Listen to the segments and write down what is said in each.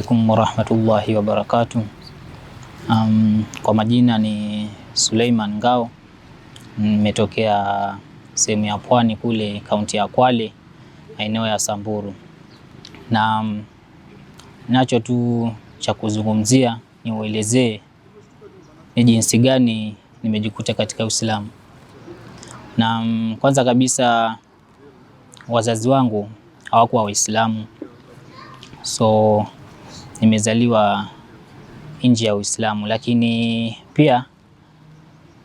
alaikum warahmatullahi wabarakatuh. Um, kwa majina ni Suleiman Ngao, nimetokea sehemu ya pwani kule kaunti ya Kwale maeneo ya Samburu, na um, nacho tu cha kuzungumzia ni uelezee ni jinsi gani nimejikuta katika Uislamu. Na um, kwanza kabisa wazazi wangu hawakuwa Waislamu so nimezaliwa nje ya Uislamu, lakini pia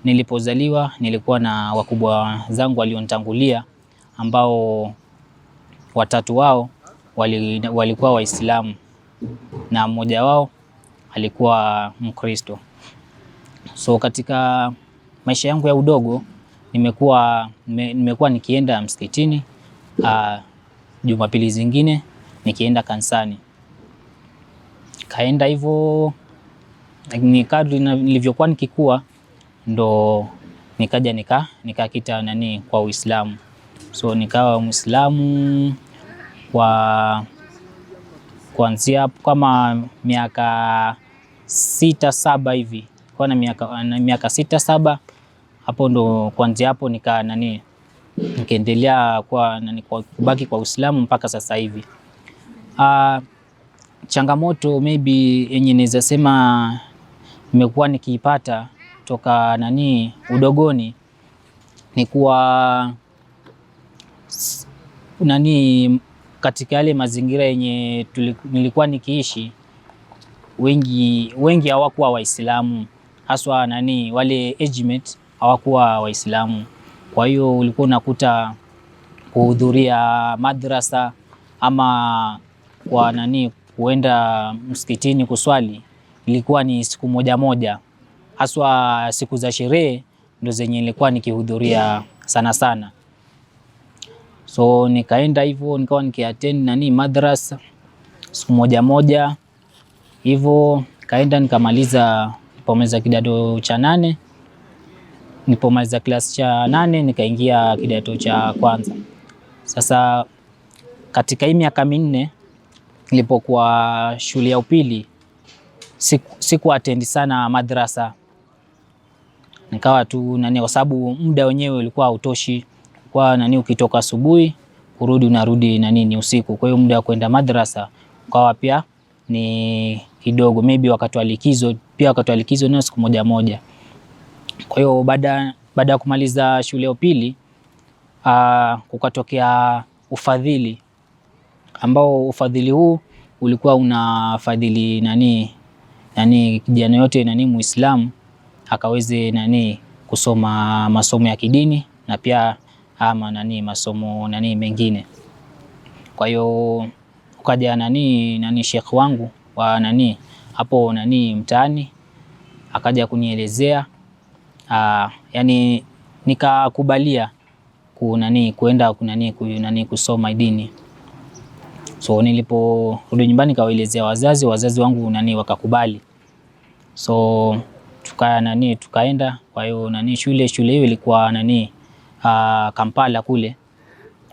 nilipozaliwa nilikuwa na wakubwa zangu walionitangulia ambao watatu wao wali, walikuwa Waislamu na mmoja wao alikuwa Mkristo. So katika maisha yangu ya udogo nimekuwa nimekuwa nikienda msikitini, uh, Jumapili zingine nikienda kanisani. Kaenda hivyo kadri nilivyokuwa nikikua ndo nikaja nika nikakita nani kwa Uislamu. So nikawa Muislamu kwa kuanzia kama miaka sita saba hivi kwa na miaka, na miaka sita saba hapo ndo kuanzia hapo nika nani nikaendelea kwa nani kwa kubaki kwa Uislamu mpaka sasa hivi. Uh, changamoto maybe yenye naweza sema nimekuwa nikiipata toka nani udogoni ni kuwa nani katika yale mazingira yenye nilikuwa nikiishi, wengi wengi hawakuwa Waislamu, haswa nani wale age mate hawakuwa Waislamu. Kwa hiyo ulikuwa unakuta kuhudhuria madrasa ama kwa nani kuenda msikitini kuswali ilikuwa ni siku moja moja, haswa siku za sherehe ndo zenye nilikuwa nikihudhuria sana sana. So nikaenda hivyo nikawa nikiattend nani madrasa siku moja moja hivyo, kaenda nikamaliza, nipomaliza kidato cha nane, nipomaliza klasi cha nane nikaingia kidato cha kwanza. Sasa katika hii miaka minne nilipokuwa shule ya upili siku, siku sana madrasa, nikawa tu nani, kwa sababu muda wenyewe ulikuwa hautoshi kwa nani, ukitoka asubuhi kurudi unarudi na nini usiku. Kwa hiyo muda wa kwenda madrasa ukawa pia ni kidogo, maybe wakati wa likizo pia, wakati wa likizo ni siku moja moja. Kwa hiyo baada baada ya kumaliza shule ya upili uh, kukatokea ufadhili ambao ufadhili huu ulikuwa unafadhili nani nani kijana yote nani Muislamu akaweze nani kusoma masomo ya kidini na pia ama nani masomo nani mengine. Kwa hiyo ukaja nani nani shekh wangu wa nani hapo nani mtaani akaja kunielezea aa, ah, yani nikakubalia kunani kuenda kunani kunani kusoma dini. So niliporudi nyumbani kawaelezea wazazi, wazazi wangu nani wakakubali. So tuka nani tukaenda, kwa hiyo nani shule shule hiyo ilikuwa nani aa, ah, Kampala kule.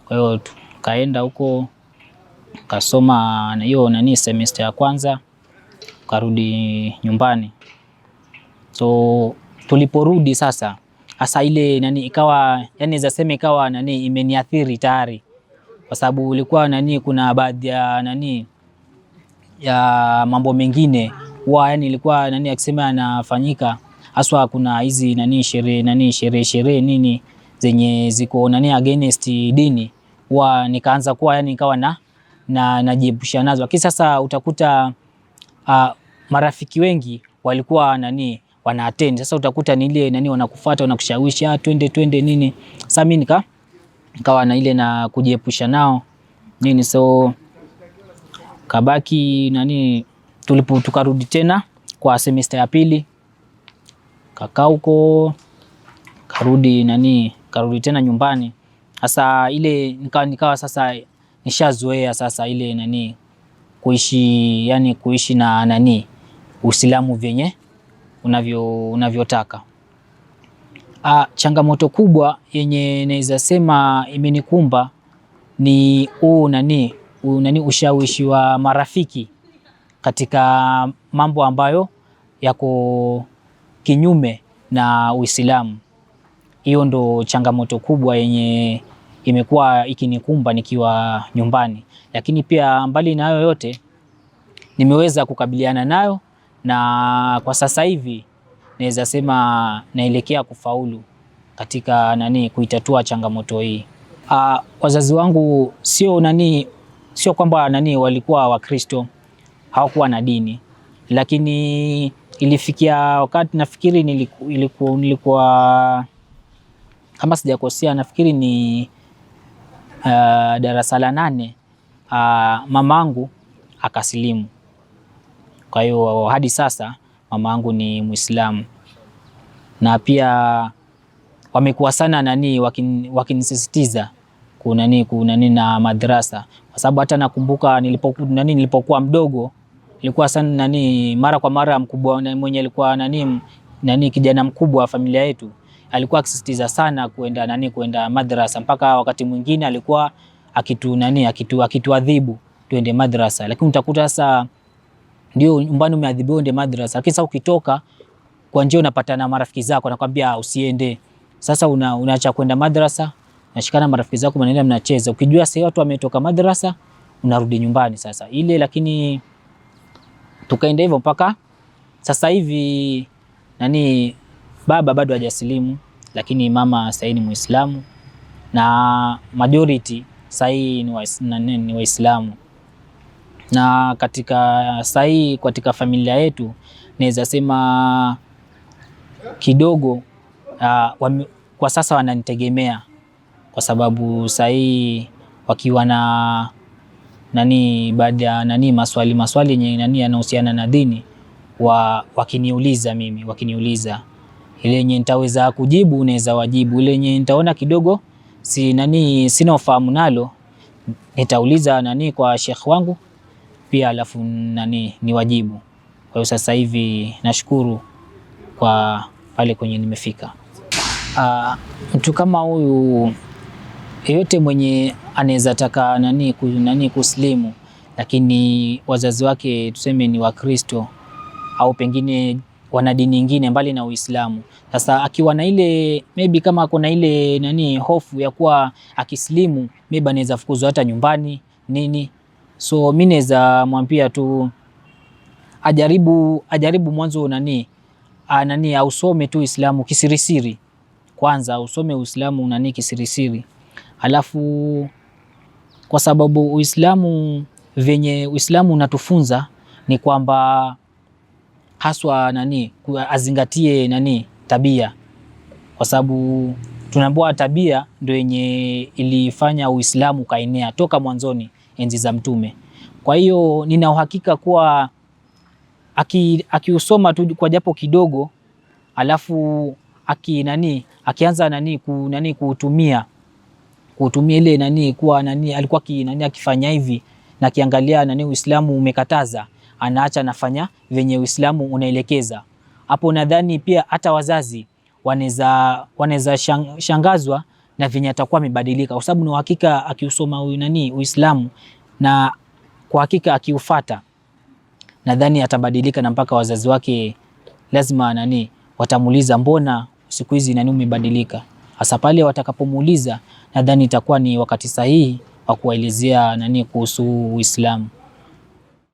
Kwa hiyo tukaenda huko kasoma hiyo nani semester ya kwanza, karudi nyumbani. So tuliporudi sasa hasa ile nani ikawa yani, naweza sema ikawa nani imeniathiri tayari kwa sababu ulikuwa nani, kuna baadhi ya nani ya mambo mengine huwa yani ilikuwa nani akisema yanafanyika haswa, kuna hizi nani sherehe nani sherehe sherehe nini zenye ziko nani against dini, huwa nikaanza kuwa yani nikawa na na najiepusha nazo, lakini sasa utakuta uh, marafiki wengi walikuwa nani wana attend. Sasa utakuta ni ile nani wanakufuata wanakushawishi, ah, twende twende nini. Sasa mimi nika nikawa na ile na kujiepusha nao nini, so kabaki nani, tulipo tukarudi tena kwa semester ya pili, kakaa huko karudi nani, karudi tena nyumbani sasa, ile nikawa, nikawa sasa nishazoea sasa ile nani kuishi, yani kuishi na nani Uislamu vyenye unavyotaka A, ah, changamoto kubwa yenye naweza sema imenikumba ni huu nani nani ushawishi wa marafiki katika mambo ambayo yako kinyume na Uislamu. Hiyo ndo changamoto kubwa yenye imekuwa ikinikumba nikiwa nyumbani, lakini pia mbali na yote nimeweza kukabiliana nayo, na kwa sasa hivi naweza sema naelekea kufaulu katika nani kuitatua changamoto hii. Uh, wazazi wangu sio nani, sio kwamba nani walikuwa Wakristo, hawakuwa na dini, lakini ilifikia wakati nafikiri niliku, iliku, nilikuwa kama sijakosea, nafikiri ni uh, darasa la nane uh, mamangu akasilimu. Kwa hiyo hadi sasa mama mamangu ni Muislamu, na pia wamekuwa sana nani wakinisisitiza wakin kunani kunani na madrasa, kwa sababu hata nakumbuka nilipokuwa nani nilipokuwa mdogo ilikuwa sana nani mara kwa mara mkubwa na mwenye alikuwa nani nani kijana mkubwa wa familia yetu alikuwa akisisitiza sana kuenda nani kuenda madrasa, mpaka wakati mwingine alikuwa akitu nani akitu akituadhibu tuende madrasa, lakini utakuta sasa ndio nyumbani umeadhibiwa uende madrasa, lakini sasa ukitoka kwa njia unapata na marafiki zako, nakwambia usiende. Sasa una, unaacha kwenda madrasa, nashikana marafiki zako, mnaenda mnacheza, ukijua sasa watu wametoka madrasa, unarudi nyumbani sasa ile. Lakini tukaenda hivyo mpaka sasa hivi nani, baba bado hajasilimu, lakini mama sasa ni Muislamu na majority sasa ni Waislamu na katika sahii katika familia yetu naweza sema kidogo uh, wame, kwa sasa wananitegemea kwa sababu sahii wakiwa na nani baada ya nani maswali maswali yenye nani yanahusiana na dini wa, wakiniuliza mimi wakiniuliza ile yenye nitaweza kujibu naweza wajibu, ile yenye nitaona kidogo si nani sina ufahamu nalo nitauliza nani kwa shekhi wangu pia alafu nani wajibu. Kwa hiyo sasa hivi nashukuru kwa pale kwenye nimefika. Uh, mtu kama huyu yeyote mwenye anaweza taka nani, nani kuslimu lakini wazazi wake tuseme ni Wakristo au pengine wana dini nyingine mbali na Uislamu. Sasa akiwa na ile maybe kama ako na ile nani hofu ya kuwa akislimu maybe anaweza fukuzwa hata nyumbani nini So mimi naweza mwambia tu ajaribu, ajaribu mwanzo nani ah, nani ausome tu Uislamu kisirisiri kwanza, usome Uislamu nani kisirisiri, alafu kwa sababu Uislamu venye Uislamu unatufunza ni kwamba haswa nani azingatie nani tabia, kwa sababu tunaambiwa tabia ndio yenye ilifanya Uislamu kaenea toka mwanzoni enzi za Mtume. Kwa hiyo nina uhakika kuwa akiusoma aki tu kwa japo kidogo, alafu aki nani akianza nani ku nani kuutumia kuutumia ile nani kuwa nani alikuwa ki, nani akifanya hivi na kiangalia nani Uislamu umekataza, anaacha anafanya venye Uislamu unaelekeza. Hapo nadhani pia hata wazazi wanaweza shangazwa na venye atakuwa amebadilika, kwa sababu na uhakika akiusoma huyu nani Uislamu na kwa hakika akiufata, nadhani atabadilika na mpaka wazazi wake lazima nani watamuuliza, mbona siku hizi nani umebadilika? Hasa pale watakapomuuliza, nadhani itakuwa ni wakati sahihi wa kuwaelezea nani kuhusu Uislamu.